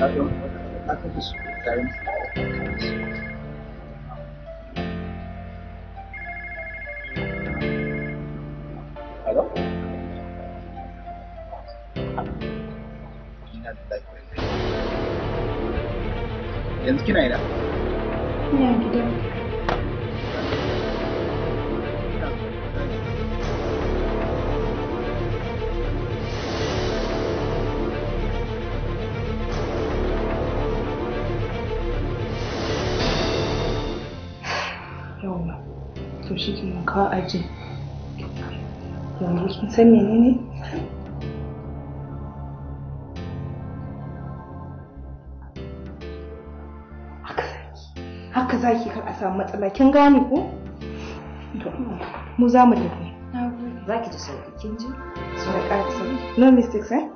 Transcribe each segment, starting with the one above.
aka fi su kayan Hello? da Yanzu kina ina? Ina san menene haka zaki kar a samu matsala kin gane ko mu za mu tafi za ki ji sauki kin ji sai ka ƙarisa no mistakes eh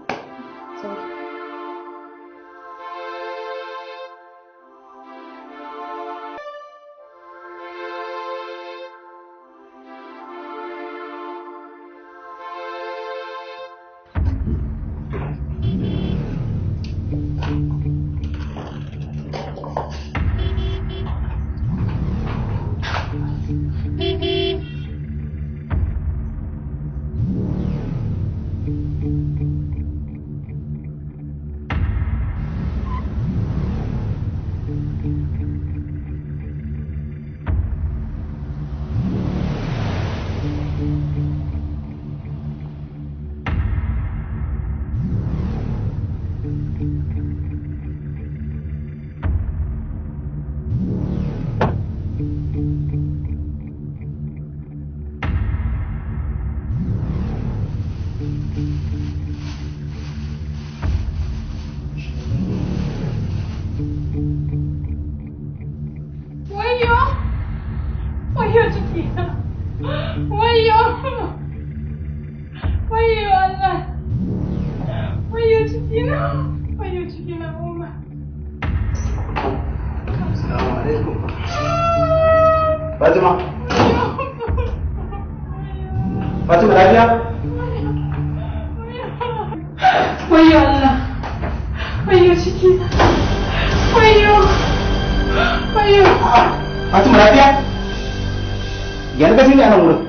gyara ka shirya nan wurin.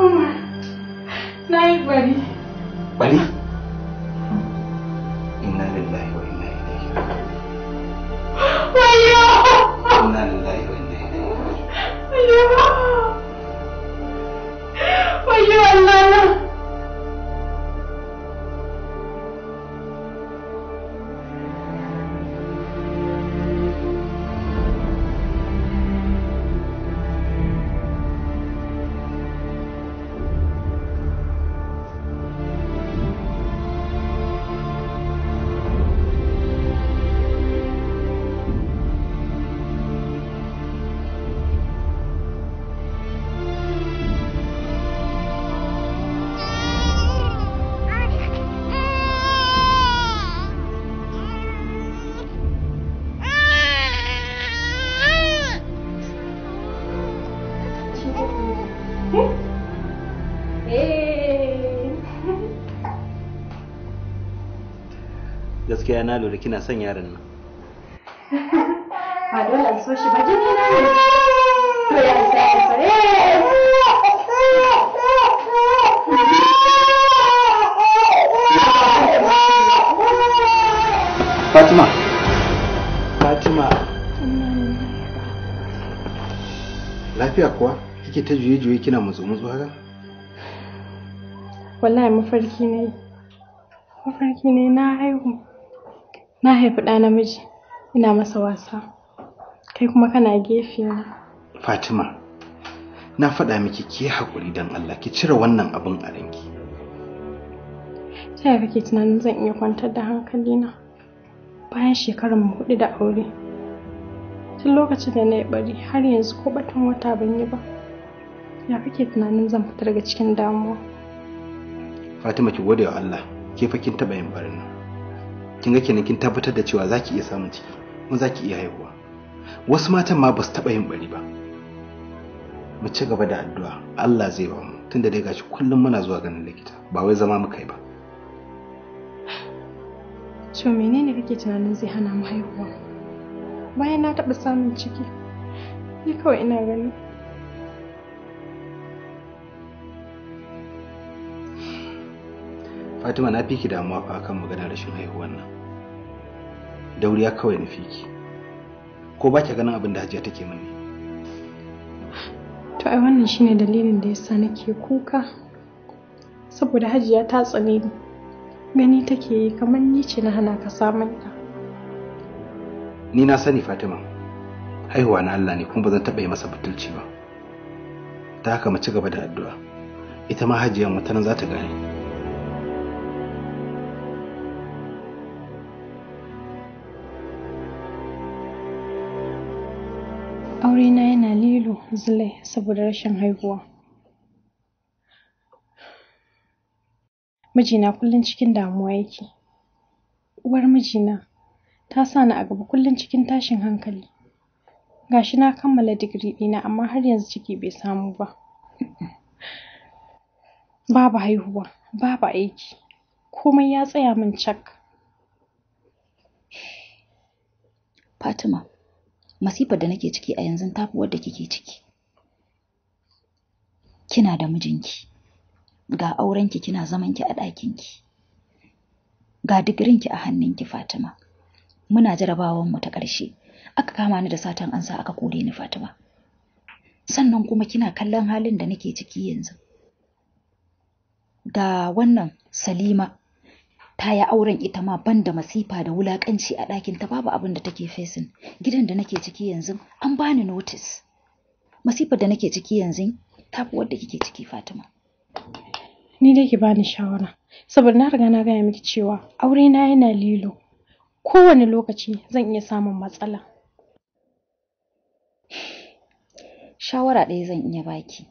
Umar, na bari. Bari? na lura kina son yaron nan ba dole an so shi ba jini na ne to ya isa ya fare. Fatima Fatima lafiya kuwa kike ta juye-juye kina mutsu-mutsu haka? wallahi mafarki ne mafarki ne na haihu na haifi ɗa namiji ina masa wasa kai kuma kana gefe na fatima na faɗa miki ki hakuri don allah ki cire wannan abin a ranki ta kake tunanin zan iya kwantar da hankali na bayan shekarun mu hudu da aure tun lokacin da na yi bari har yanzu ko batun wata ban yi ba ya kake tunanin zan fita daga cikin damuwa fatima ki gode wa allah ke fa kin taɓa yin barin nan kin ga kenan kin tabbatar da cewa za ki iya samun ciki kuma za ki iya haihuwa wasu matan ma ba su taɓa yin bari ba mu ci gaba da addu'a Allah zai ba mu tunda dai gashi kullum muna zuwa ganin likita ba wai zama mu kai ba to menene kake tunanin zai hana mu haihuwa bayan na taɓa samun ciki ni kawai ina ganin Fatima na fi ki damuwa fa kan maganar rashin haihuwar nan. dauriya kawai nufi ki ko ba ki ganin abin da hajiya take mini to ai wannan shine dalilin da yasa nake kuka saboda hajiya ta tsane ni gani take yi kamar ni ce na hana ka samun ta ni na sani fatima haihuwa na allah ne kuma ba zan taɓa yi masa butulci ba ta haka mu ci gaba da addu'a ita ma hajiyar mutanen za ta gane aurena yana lilo zilai saboda rashin haihuwa. Mijina kullum cikin damuwa yake. Uwar mijina ta sa ni a gaba kullum cikin tashin hankali. Gashi na kammala digiri ɗina amma har yanzu ciki bai samu ba. Babu haihuwa, babu aiki, komai ya tsaya min cak. Fatima. masifar da nake ciki a yanzu tafi wadda kike ciki kina da mijinki ga aurenki kina zaman ki a ɗakinki ga digirinki a hannunki Fatima muna jarabawan mu ta ƙarshe aka kama ni da satan an sa aka kore ni Fatima sannan kuma kina kallon halin da nake ciki yanzu ga wannan Salima ta yi auren ita ma ban da masifa da wulakanci a ɗakin ta babu abin da take fesin gidan da nake ciki yanzu an bani notis. masifar da nake ciki yanzu ta fi wadda kike ciki fatima ni dai ki bani shawara saboda na riga na gaya miki cewa aure na yana lilo kowane lokaci zan iya samun matsala shawara ɗaya zan iya baki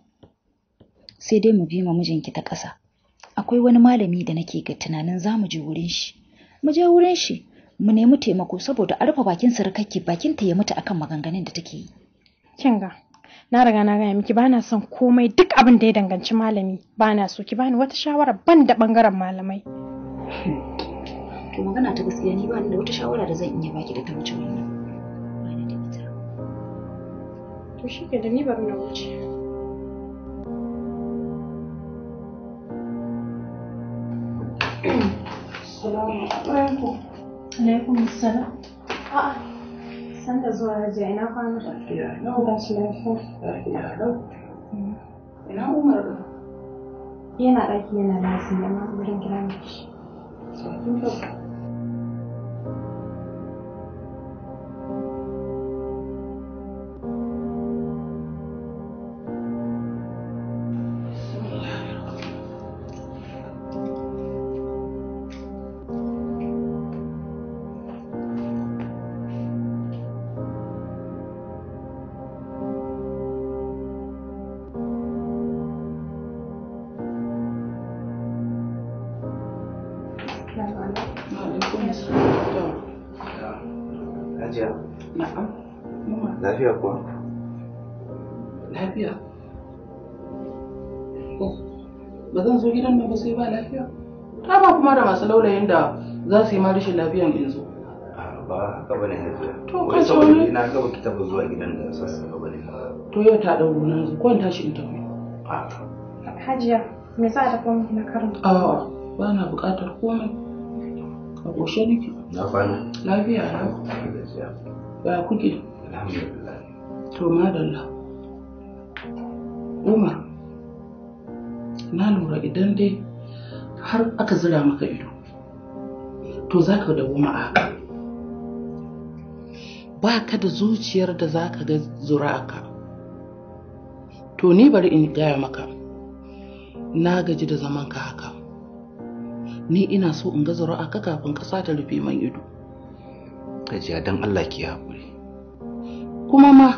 sai dai mu bi ma mijinki ta ƙasa akwai wani malami da nake ga tunanin za mu je wurin shi mu je wurin shi mu nemi taimako saboda a rufe bakin bakin ta ya mutu akan maganganun da take yi kin ga na riga na gaya miki bana son komai duk abin da ya danganci malami bana so ki bani wata shawara ban da bangaren malamai to magana ta gaskiya ni bani da wata shawara da zan iya baki da ta wuce wannan to shi ke da ni bari na wuce Assalamu alaikum. salam. da zuwa ajiya ina kwana. Lafiya. Na ku tashi lafiya. Lafiya. Mm. Ina Umar ba. Yana ɗaki yana lafiya amma wurin kira ne shi. hajiya lafiya kuwa lafiya ba zan zo gidan ba sai ba lafiya ta ba kuma da masu laulayin da za su yi ma rashin lafiyan in zo ba haka bane hajiya to kai sauri na ga ba kitabu zuwa gidan da sassa ba bane to yau ta dauro na zo kwanta shi ta tafi hajiya me za a tafi na karin a ba na bukatar komai a goshe nake Na kwana. Lafiya lau. Ya kuke? Alhamdulillah. To madalla. Umar, na lura idan dai har aka zira maka ido, to za ka dawo goma a Ba ka da zuciyar da za ka ga zura ka. To ni bari in gaya maka, na gaji da zaman ka haka. ni ina so in ga zuri'a ka kafin ƙasa ta rufe man ido ajiya don Allah ki haƙuri kuma ma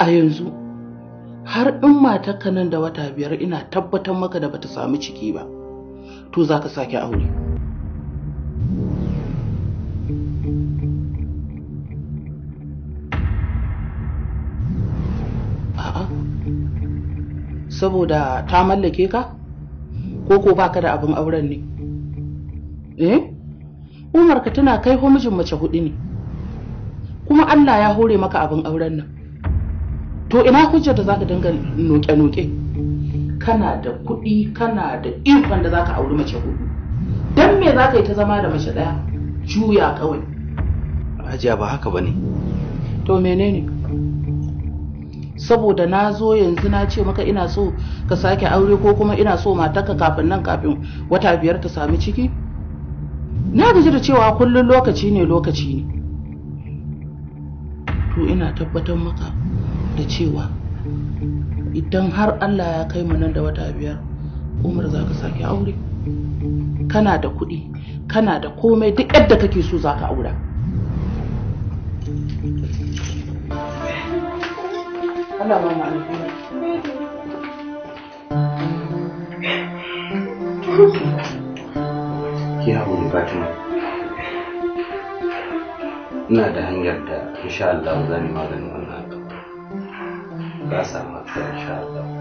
a yanzu har in matarka nan da wata biyar ina tabbatar maka da bata samu ciki ba to za ka sake aure saboda ta mallake ka ko ko baka da abin auren ne eh umar ka tana kai ko mijin mace hudu ne kuma Allah ya hore maka abin auren nan to ina hujjar da zaka dinga noke-noke kana da kuɗi kana da ikon da zaka auri mace hudu dan me zaka yi ta zama da mace ɗaya juya kawai Ajiya ba haka bane to menene saboda nazo yanzu na ce maka ina so ka sake aure ko kuma ina so matarka kafin nan kafin wata biyar ta sami ciki Na gaji da cewa kullum lokaci ne lokaci ne to ina tabbatar maka da cewa idan har allah ya kai mu nan da wata biyar umar za ka sake aure kana da kuɗi kana da komai duk yadda kake so za ka aura Thank you. ki haƙuri fatima ina da hanyar da insha Allah za mu maganin wannan ka samu insha Allah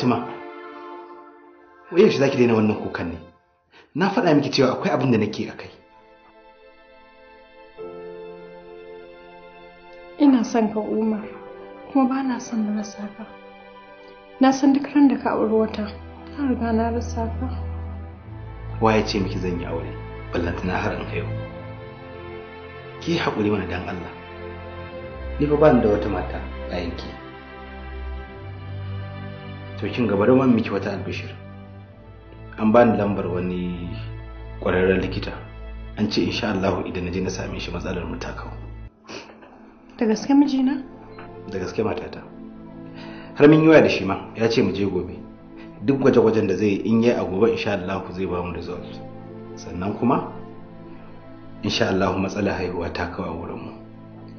Fatima wai yaushe zaki daina wannan kukan ne na faɗa miki cewa akwai abin da nake a kai ina son ka umar kuma ba na son na rasa na san duk ran da ka auri wata na riga na rasa ka waye ce miki zan yi aure tana har in haihu ki haƙuri mana dan Allah ni fa ba da wata mata a ki to kin gaba da miki wata albishir an ba ni lambar wani ƙwararren likita an ce insha Allah idan na je na same shi matsalar mu ta kawo da gaske mijina da gaske matata har mun yi waya da shi ma ya ce mu je gobe duk gwaje-gwajen da zai in yi a gobe insha Allah zai ba mu result sannan kuma insha Allah matsalar haihuwa ta kawo wurin mu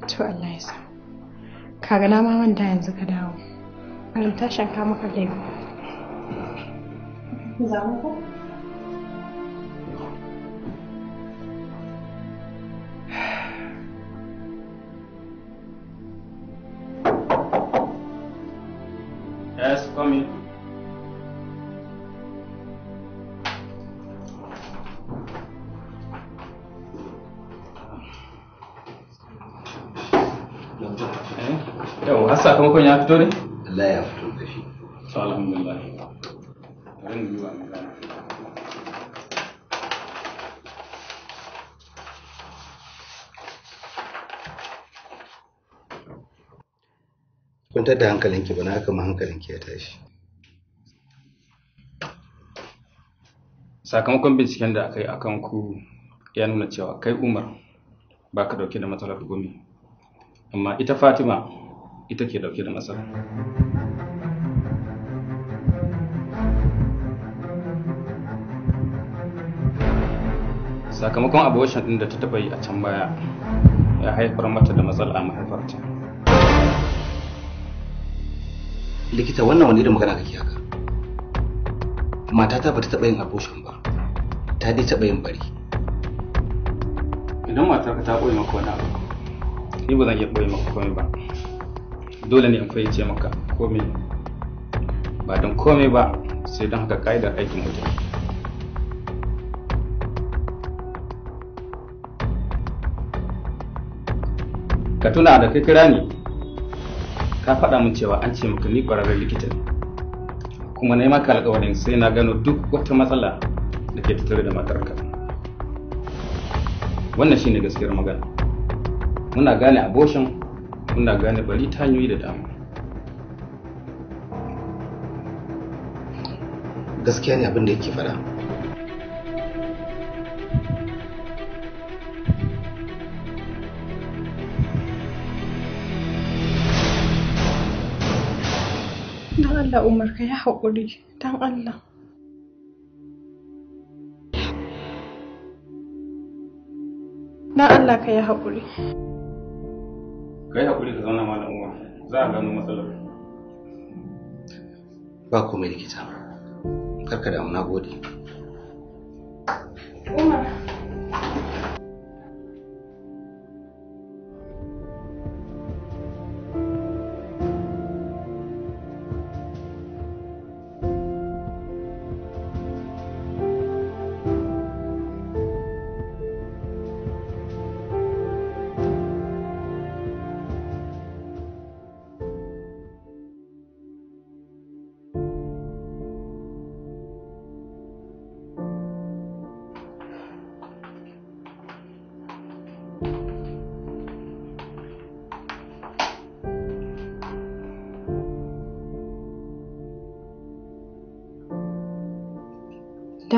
to Allah ya sa kaga na ma wanda yanzu ka dawo an tashin ka maka gaibu za mu ko Yes, come in. Yau, har sakamakon ya fito ne? kwantar da hankalinki ba na haka ma hankalinki ya tashi sakamakon binciken da aka yi a ku ya nuna cewa kai umar ba ka dauke da matsalar gumi amma ita fatima ita ke dauke da matsalar sakamakon abubuwan ɗin da ta taɓa yi a can baya ya haifar mata da matsala a mahaifarta likita wannan wani irin magana kake haka matata ba ta taɓa yin abortion ba ta dai taɓa yin bari idan matarka ta ɓoye maka wani abu ni ba zan iya ɓoye maka komai ba dole ne in fahimce maka komai ba don komai ba sai don haka ka'idar aikin mutum ka tuna da kai kira ni ka faɗa min cewa an ce maka ni ƙwararren likita ne kuma na yi maka alƙawarin sai na gano duk wata matsala da ke tattare da matarka wannan shine gaskiyar magana muna gane abocin muna gane bari ta hanyoyi da dama gaskiya ne abin da yake faɗa Allah Umar ka yi haƙuri don Allah. Don Allah ka yi haƙuri. Ka yi haƙuri ka zauna malam Umar za a gano matsalar. Ba ku mai likita. Karka damu na gode. Umar.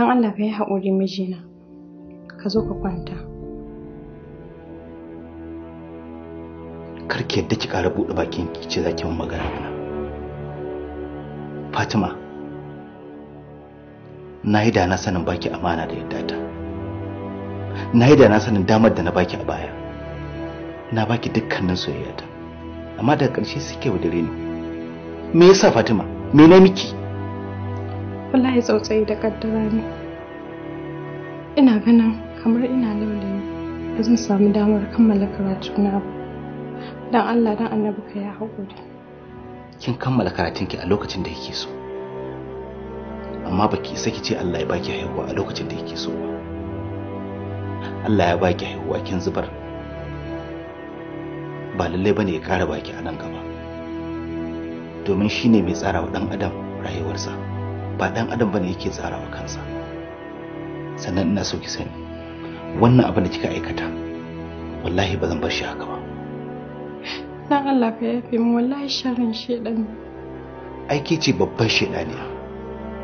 don Allah ka yi haƙuri mijina ka zo ka kwanta karki yadda ki ƙara buɗe bakin ki ce za ki mun magana mana Fatima na yi da na sanin baki amana da yadda ta na yi da na sanin damar da na baki a baya na baki dukkanin soyayya ta, amma daga ƙarshe suke wadare ni me yasa Fatima me na miki ya tsautsayi da kaddara ne ina ganin kamar ina laulayi ba zan samu damar kammala karatun na ba dan Allah don annabi ka ya haƙuri kin kammala karatunki a lokacin da yake so amma baki saki ce Allah ya baki haihuwa a lokacin da yake so ba Allah ya baki haihuwa kin zubar ba lallai bane ya kara baki a nan gaba domin shine mai tsara wa dan adam rayuwarsa ba dan adam bane yake tsara wa kansa sannan ina so ki sani wannan abin da kika aikata wallahi ba zan bar shi haka ba dan Allah ya yafi mu wallahi sharrin shedan aiki ce babban shedaniya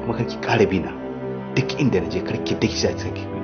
kuma kar ki bina duk inda naje kar ki dake sa cikin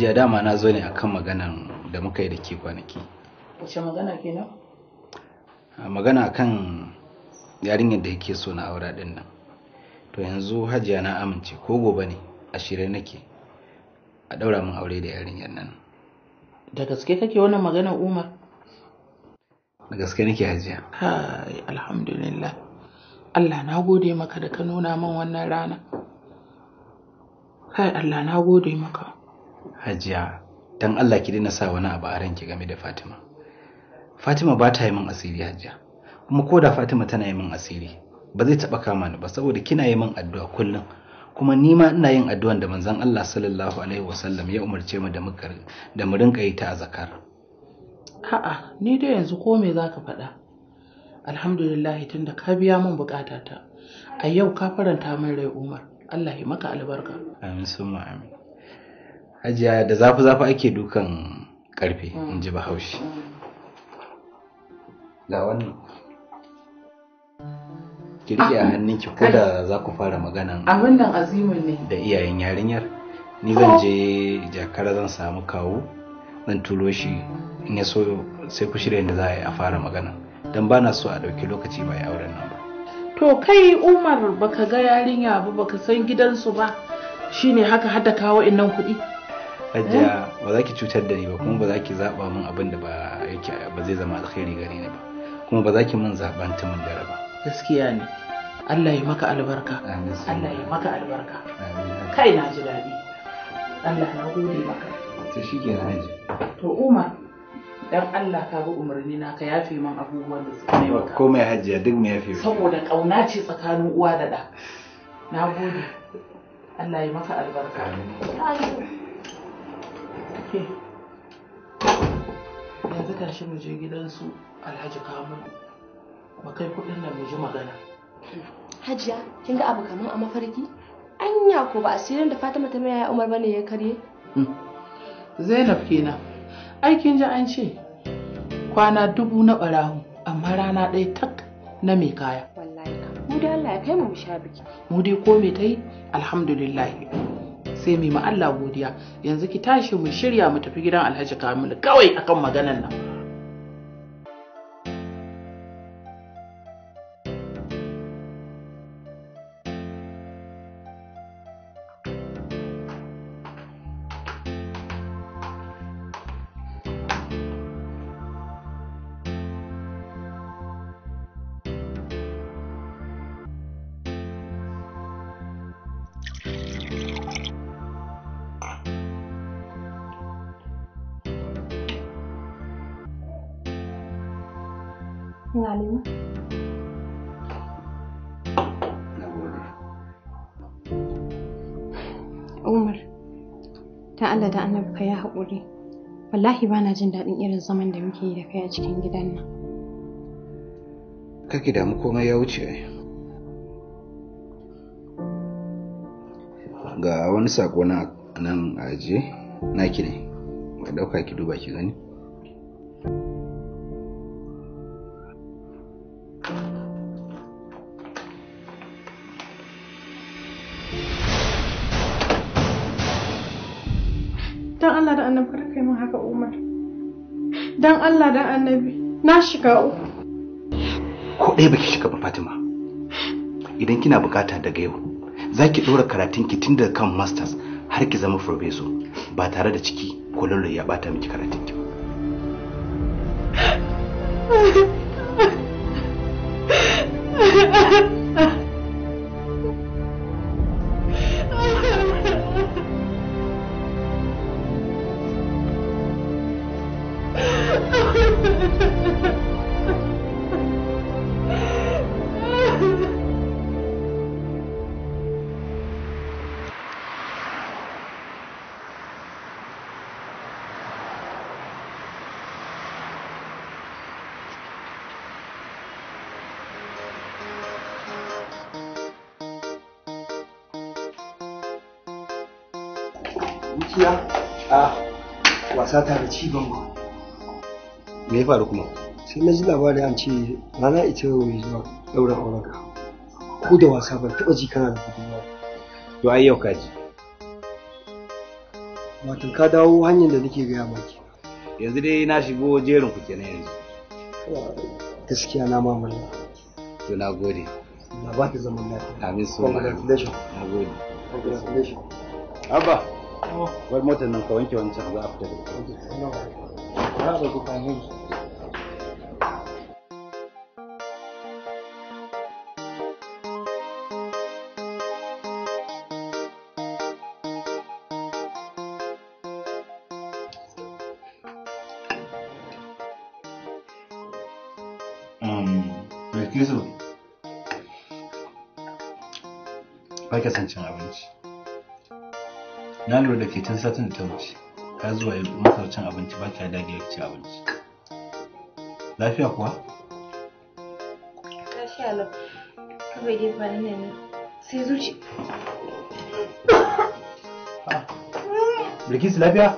hajiya dama na zo ne akan maganan da muka yi da ke kwanaki wace magana kenan ah, magana kan yarinyar da yake so na aura din nan to yanzu hajiya na amince ko gobe ne a shirye nake a daura min aure da yarinyar nan da gaske kake wannan magana umar da gaske nake hajiya Hai alhamdulillah Allah na gode maka da ka nuna min wannan rana kai Allah na gode maka hajiya don allah ki daina sa wani abu a ranki game da fatima fatima ba ta yi min asiri hajiya kuma ko da fatima tana yi min asiri ba zai taɓa kama ni ba saboda kina yi min addu'a kullum kuma ni ma ina yin addu'an da manzon Allah sallallahu alaihi wasallam ya umarce mu da muka da mu rinka yi ta azkar a'a ni dai yanzu ko me ka faɗa alhamdulillah tunda ka biya min bukatata a yau ka faranta min rai Umar Allah ya maka albarka amin sun amin hajiya da zafi zafi ake dukan karfe mm. in ji bahaushe mm. ga wannan ki ah, riƙe a hannunki ko da za ku fara maganan abin azimin ne da iyayen yarinyar ni zan oh. je jakara zan samu kawo zan turo shi in ya so sai ku shirya da za a yi a fara magana don ba na so a ɗauki lokaci ba auren nan ba to kai umar baka ga yarinya ba baka san gidansu ba shine haka hada kawo innan kuɗi hajiya ba za ki cutar da ni ba kuma ba za ki zaɓa min abin da ba yake ba zai zama alkhairi gare ni ba kuma ba za ki min zaɓan min dare ba gaskiya ne Allah ya maka albarka Allah ya maka albarka kai na ji daɗi Allah na gode maka to shi ke haji to Umar dan Allah ka bi umarni na ka yafe min abubuwan da suka yi maka komai hajiya duk me yafe saboda kauna ce tsakanin uwa da ɗa na gode Allah ya maka albarka amin ke yanzu tashi mu je gidansu alhaji kamun mu kai kudin nan mu ji magana hajiya kin ga abu kaman a mafarki anya ko ba asirin da fatima ta mai umar bane ya karye hmm. zainab kenan aikin ji an ce kwana dubu na barahu amma rana ɗaya tak na mai kaya wallahi mu da Allah ya kai mu sha biki mu dai ko me tai alhamdulillah sai mai ma Allah godiya yanzu ki tashi mu shirya mu tafi gidan Alhaji Kamilu kawai akan maganar nan ka yi haƙuri wallahi ba na jin daɗin irin zaman da muke yi da kai a cikin gidan nan Ka ki damu komai ya wuce ga wani saƙo na nan aje naki ne ka ɗauka ki duba ki gani Allah da annabi ka kai min haka Umar dan Allah da annabi na shiga uku ko ɗaya baki shiga ba Fatima idan kina bukata daga yau zaki dora karatun ki tun kan masters har ki zama professor ba tare da ciki ko lallai ya bata miki karatun ki ci ban ba me ya faru kuma sai na ji labarin an ce rana ita yau mai zuwa ɗaurin auren ka ko da wasa ban taɓa ji kana da kuɗi ba to ai yau ka ji wato ka dawo hanyar da nake gaya maki yanzu dai na shigo jerin ku kenan yanzu gaskiya na mamalla to na gode na ba ta zaman lafiya amin so na gode abba wai you nan ka wanke wancan za a fita da Um, Herkese bak. Herkesin na lura da ke can satin da ta wuce ka zuwa yi matar cin abinci ba kya dage ya ci abinci lafiya kuwa lafiya lau kawai dai ba ne sai zuci Bilkisu lafiya?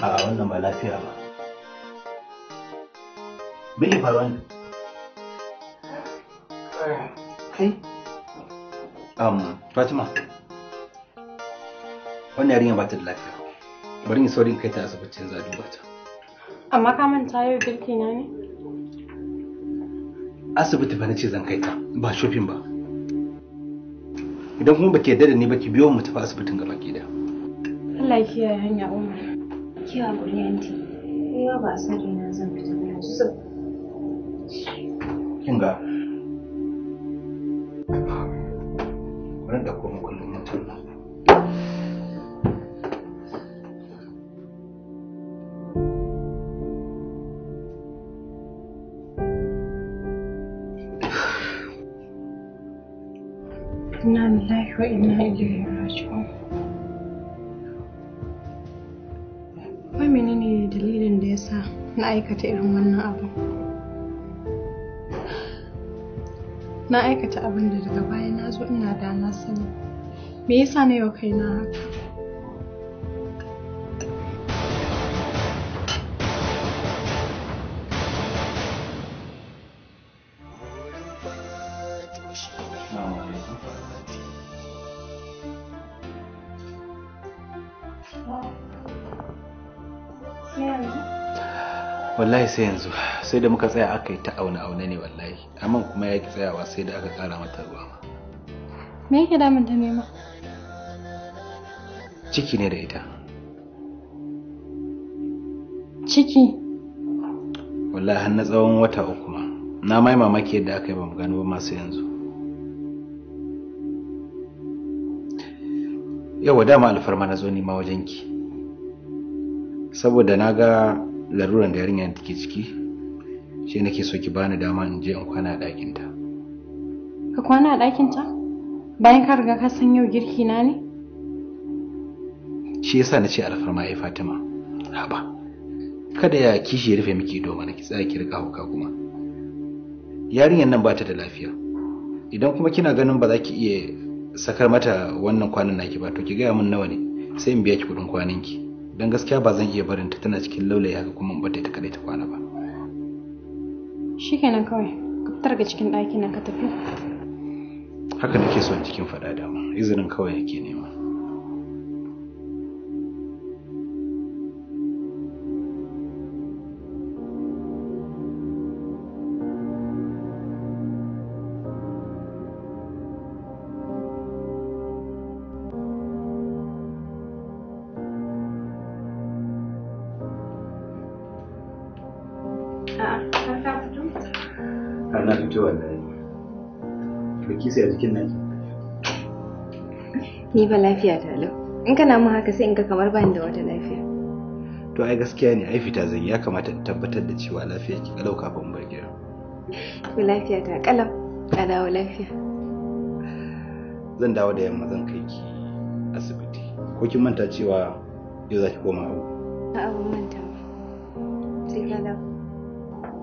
A wannan ba lafiya ba. Me ke faruwa ne? Kai, um, fatima wannan yarinya ba ta da lafiya bari in saurin kai ta asibitin za a duba ta amma ka manta yau girki na ne asibiti ba na ce zan kai ta ba shofin ba idan kuma baki yadda da ni baki biyo mu tafi asibitin gaba ke da Allah ya kiyaye hanya Umar ki hakuri yanti yawa ba san na zan fita ba yanzu kin Kinga. inna ilaihi raji'un menene dalilin da yasa na aikata irin wannan abu na aikata abin da daga baya na zo ina da na sani me yasa na yau kaina haka wallahi sai yanzu sai da muka tsaya aka yi ta auna aune ne wallahi amma kuma ya ki tsayawa sai da aka kara mata ruwa ma me yake damun ta nema ciki ne da ita ciki wallahi har na tsawon wata uku ma na mai mamaki yadda aka yi ba mu gano ba masu yanzu yawa dama alfarma na zo nima wajenki saboda na ga laruran da yarinya take ciki shi nake so ki bani dama in je in kwana a ɗakinta ka kwana a ɗakinta bayan ka riga ka san yau girki na ne shi yasa na ce alfarma ai fatima haba kada ya kishi rufe miki ido mana ki tsaya ki riƙa hauka kuma yarinyar nan bata da lafiya idan kuma kina ganin ba za ki iya sakar mata wannan kwanan naki ba to ki gaya min nawa ne sai in biya ki kuɗin kwanan ki don gaskiya ba zan iya barin ta tana cikin laulayi haka kuma in bata ta kadai ta kwana ba shikenan kawai ka fitar ga cikin ɗakin nan ka tafi haka nake son cikin faɗa da izinin kawai yake ne sai a jikin naki ni ba lafiya ta lau in kana mun haka sai in ka kamar bani da wata lafiya to ai gaskiya ne ai fita zan ya kamata in tabbatar da cewa lafiya ki kalau kafin bar gida to lafiya ta kalau ka dawo lafiya zan dawo da yamma zan kai ki asibiti ko kin manta cewa yau za ki koma hau a'a ban manta sai ka dawo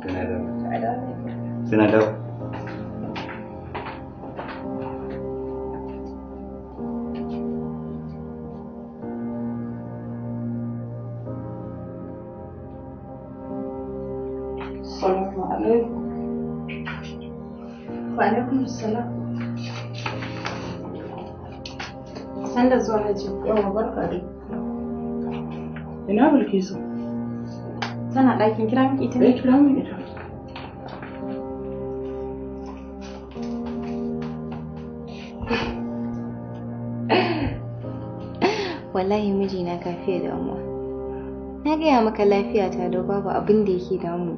kana dawo sai na dawo ce barka ina tana ɗakin kira miki ita ne eh, kira min ita wallahi mijina kafiya damuwa na gaya maka lafiya ta don babu abin da yake damu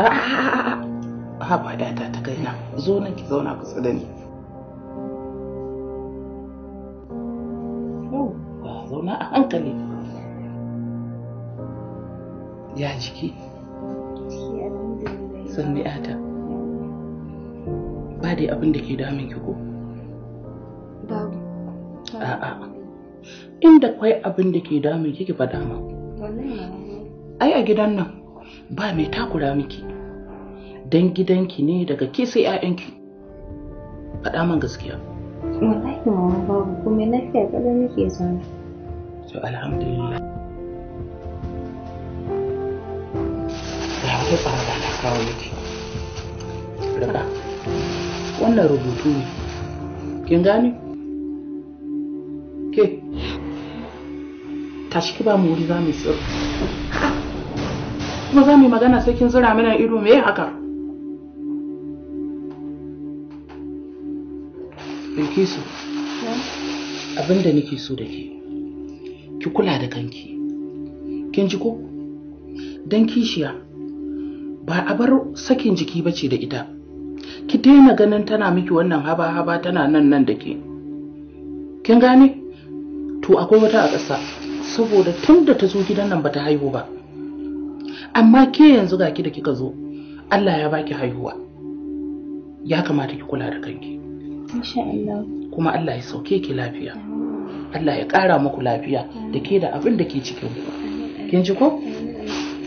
a ah, ba data ta kai na zo nan ki zauna kusa da ni yauwa zauna a hankali ya jiki sanni ata ba dai abin da ke damun ki ko a'a inda kwai abin da ke damun ki ki faɗa ma ai a gidan nan ba mai takura miki dan gidanki ne daga ke sai ƴaƴanki faɗa man gaskiya wallahi mama babu komai lafiya kada nake zaune to alhamdulillah da wata fara na kawo miki rika wannan rubutu ne kin gane ke tashi ki ba mu wuri za mu tsira kuma za mu yi magana sai kin zira mana ido me haka Bilkisu, abin abinda nake so da ke, ki kula da kanki. Kin ji ko? Dan kishiya, ba a bar sakin jiki ba ce da ita. Ki daina ganin tana miki wannan haba-haba tana nan nan da ke. Kin gane? To akwai wata a ƙasa, saboda tun da ta zo gidan nan bata haihu ba. Amma ke yanzu ga ki da kika zo, Allah ya baki haihuwa. Ya kamata ki kula da kanki. kuma Allah ya sauke ki lafiya Allah ya ƙara muku lafiya da ke da abin da ke cikin ku kin ji ko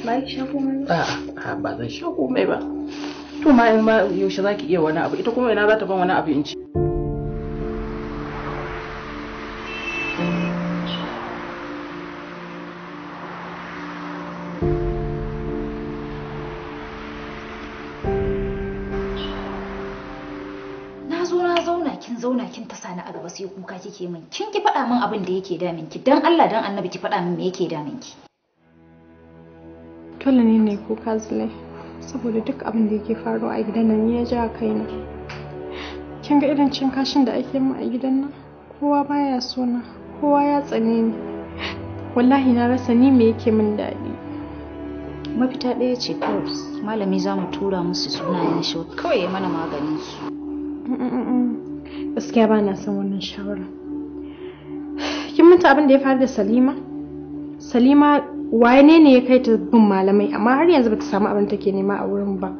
ba ba zan sha komai ba to ma yaushe zaki iya wani abu ita kuma ina za ta ban wani abu in ci sai kuka kike min kin ki faɗa min abin da yake damin ki dan Allah dan Annabi ki faɗa min me yake damin ki dole ne ne kuka zulai saboda duk abin da yake faruwa a gidan nan ya ja kaina kin ga irin cin kashin da ake min a gidan nan kowa baya so na kowa ya tsane ni wallahi na rasa ni me yake min daɗi mafita ɗaya ce kawai malami za mu tura musu sunayen shi kawai ya mana maganin su mm, mm, mm, gaskiya ba na son wannan shawara kin manta abin da ya faru da salima salima waye ne ya kai ta bin malamai amma har yanzu bata samu abin take nema a wurin ba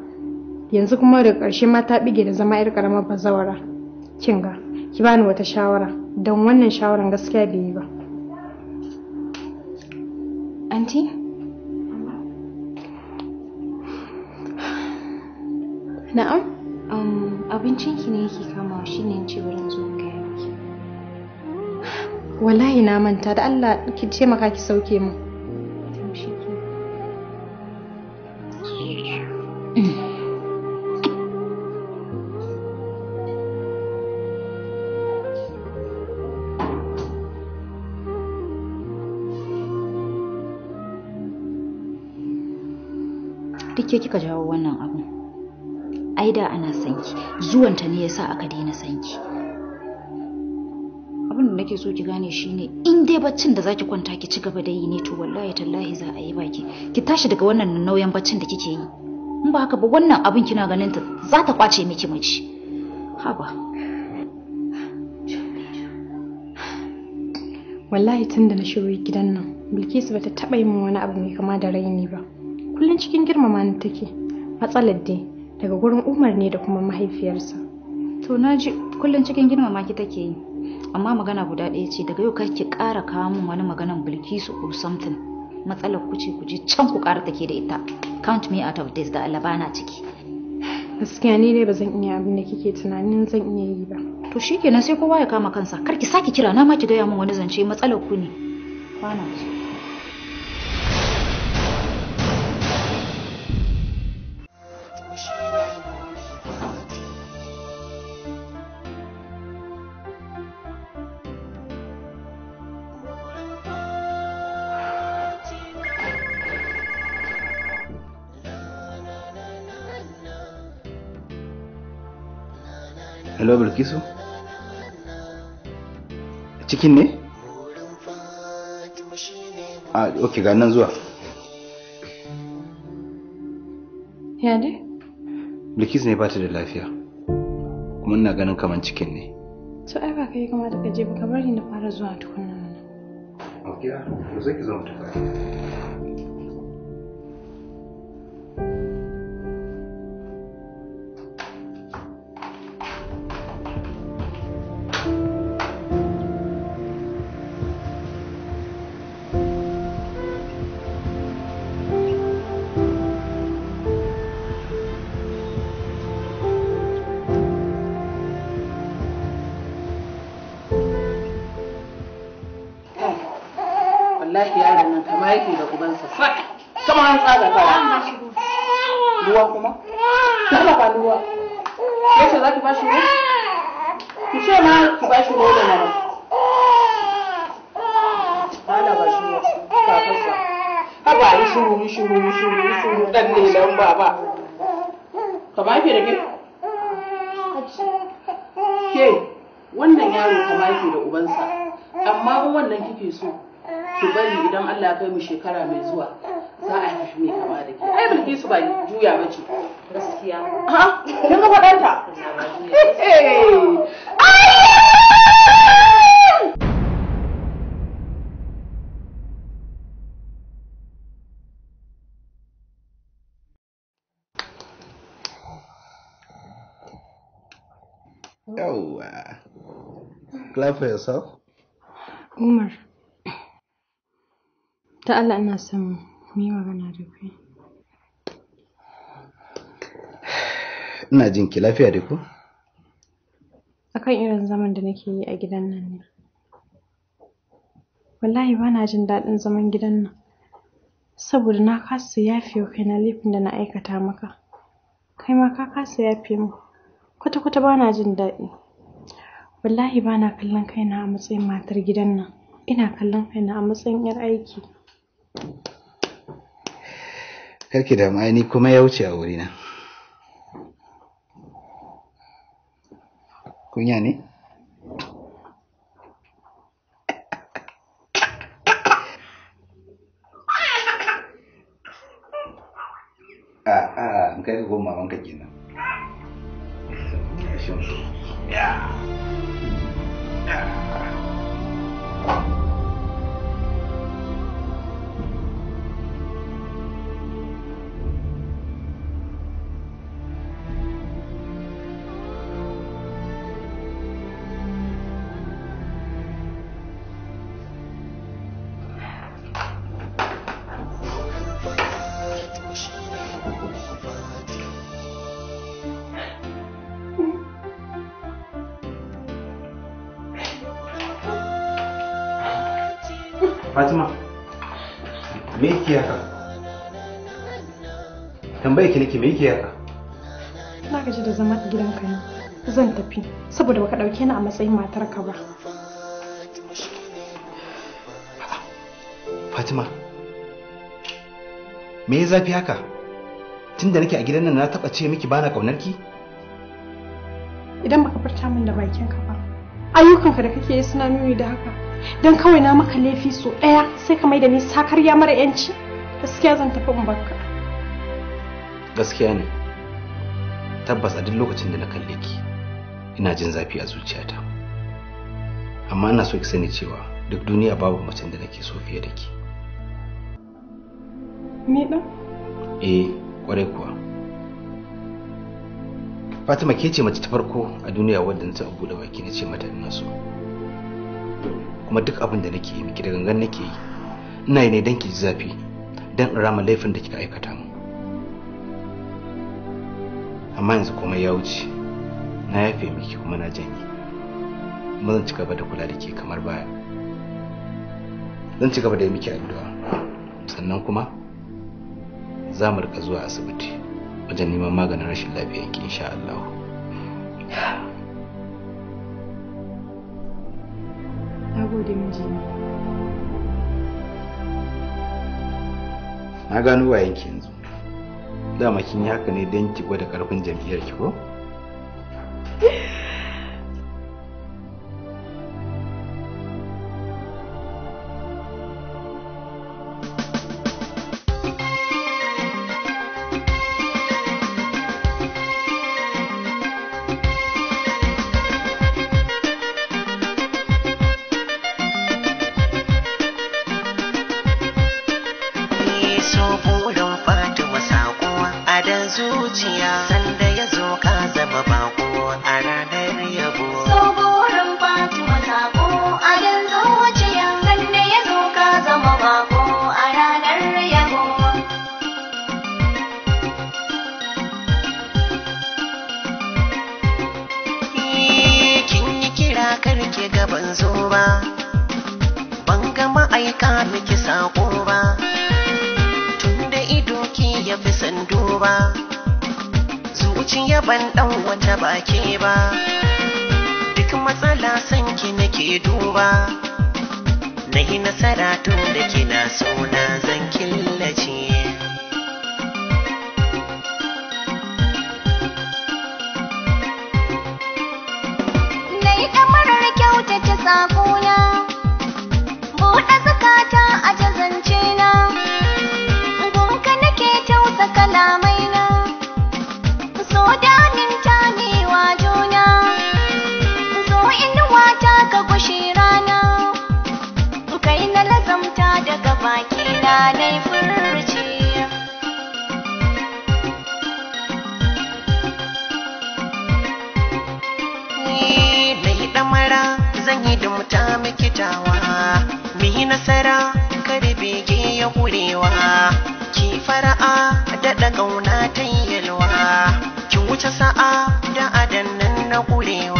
yanzu kuma da ƙarshe ma ta bige da zama yar karamar bazawara kin ga ki bani wata shawara don wannan shawaran gaskiya bai yi ba anti na'am abincin ki ne yake kamawa shine ce wurin zo gaya miki wallahi na manta da Allah ki ce ki sauke mu Duk kika jawo wannan abin. ai da ana sanki zuwanta ne yasa aka daina sanki abin da nake so ki gane shine in dai baccin da zaki kwanta ki ci gaba da yi ne to wallahi tallahi za a yi baki ki tashi daga wannan nauyin baccin da kike yi in ba haka ba wannan abin kina ganin ta za ta kwace miki mace haba wallahi tun da na shigo gidan nan bilkisu bata taba yi min wani abu mai kama da raini ba kullum cikin girmama ni take matsalar dai daga gurin umar ne da kuma mahaifiyarsa to na ji kullum cikin girmama ki take yi amma magana guda ɗaya ce daga yau ki ƙara kawo min wani maganan bilkisu or something matsalar ku ce can ku ƙara take da ita count me out of this da alabana ciki gaskiya ni dai ba zan iya abin da kike tunanin zan iya yi ba to shikenan sai kowa ya kama kansa kar ki saki kira na ma ki gaya min wani zance matsalar ku ne kwana ce hello bilkisu cikin ne a ok ga nan zuwa ya dai bilkisu ne ba ta da lafiya kuma ina ganin kaman cikin ne to ai ba kai kamata ka je ba kamar ni na fara zuwa tukunan nan ok ya zai ki zo mu tafi ba juya gaskiya ha Clap for yourself. Umar, ta Allah ina son mu yi magana da kai. ina jin ki lafiya dai ko akan irin zaman da nake yi a gidan nan ne wallahi bana jin daɗin zaman gidan nan saboda na kasa yafe wa kaina laifin da na aikata maka kai ma ka kasa yafe min kwata kwata bana jin daɗi wallahi bana kallon kaina a matsayin matar gidan nan ina kallon kaina a matsayin 'yar aiki kar ki damu ai ni kuma ya wuce a wurina kunya ñaani Fatima, me yake haka? Tambaye ki nake me yake haka? Na gaji da zama a gidanka ne. Zan tafi saboda baka dauke ni a matsayin matar ka ba. Fatima, me ya zafi haka? Tunda nake a gidan nan na taba ce miki bana kaunar ki? Idan baka furta min da bakinka ba, ayyukanka da kake yi suna nuni da haka. don kawai na maka laifi so ɗaya sai ka mai da ni sakarya mara yanci gaskiya zan tafi in barka gaskiya ne tabbas a duk lokacin da na kalle ki ina jin zafi a zuciyata amma ina so ki sani cewa duk duniya babu macen da nake so fiye da ki me ɗan eh kwarai kuwa Fatima ke ce mace ta farko a duniya wadda na taɓa buɗe baki na ce mata ina so kuma duk abin da nake yi miki da gangan nake yi ina yi ne dan ki ji zafi don in rama laifin da kika aikata mu amma yanzu kuma ya wuce na yafe miki kuma na janye kuma zan ci gaba da kula da ke kamar baya zan ci gaba da yi miki addu'a sannan kuma za mu rika zuwa asibiti wajen neman maganin rashin lafiyanki insha Allah gode mijina na gano wayanki yanzu dama kin yi haka ne don ki gwada karfin jam'iyyar ki ko yi nasara to da kina sona zan killace na yi ɗamarar kyautata saƙona buɗe zukata a jazance na dai furci ni na yi damara zan yi da muta mikitawa mi nasara kare bege ya kurewa ki fara'a daɗa gauna ta yalwa ki wuce sa'a da adan na kurewa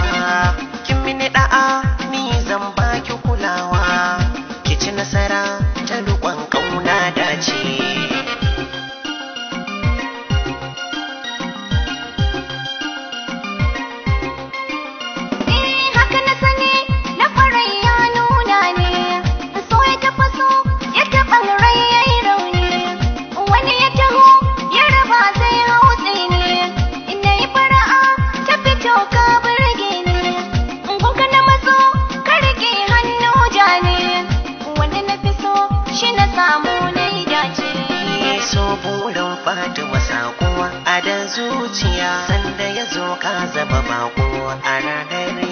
wasa sako a da zuciya sanda ya zo ka zaba bako a ranar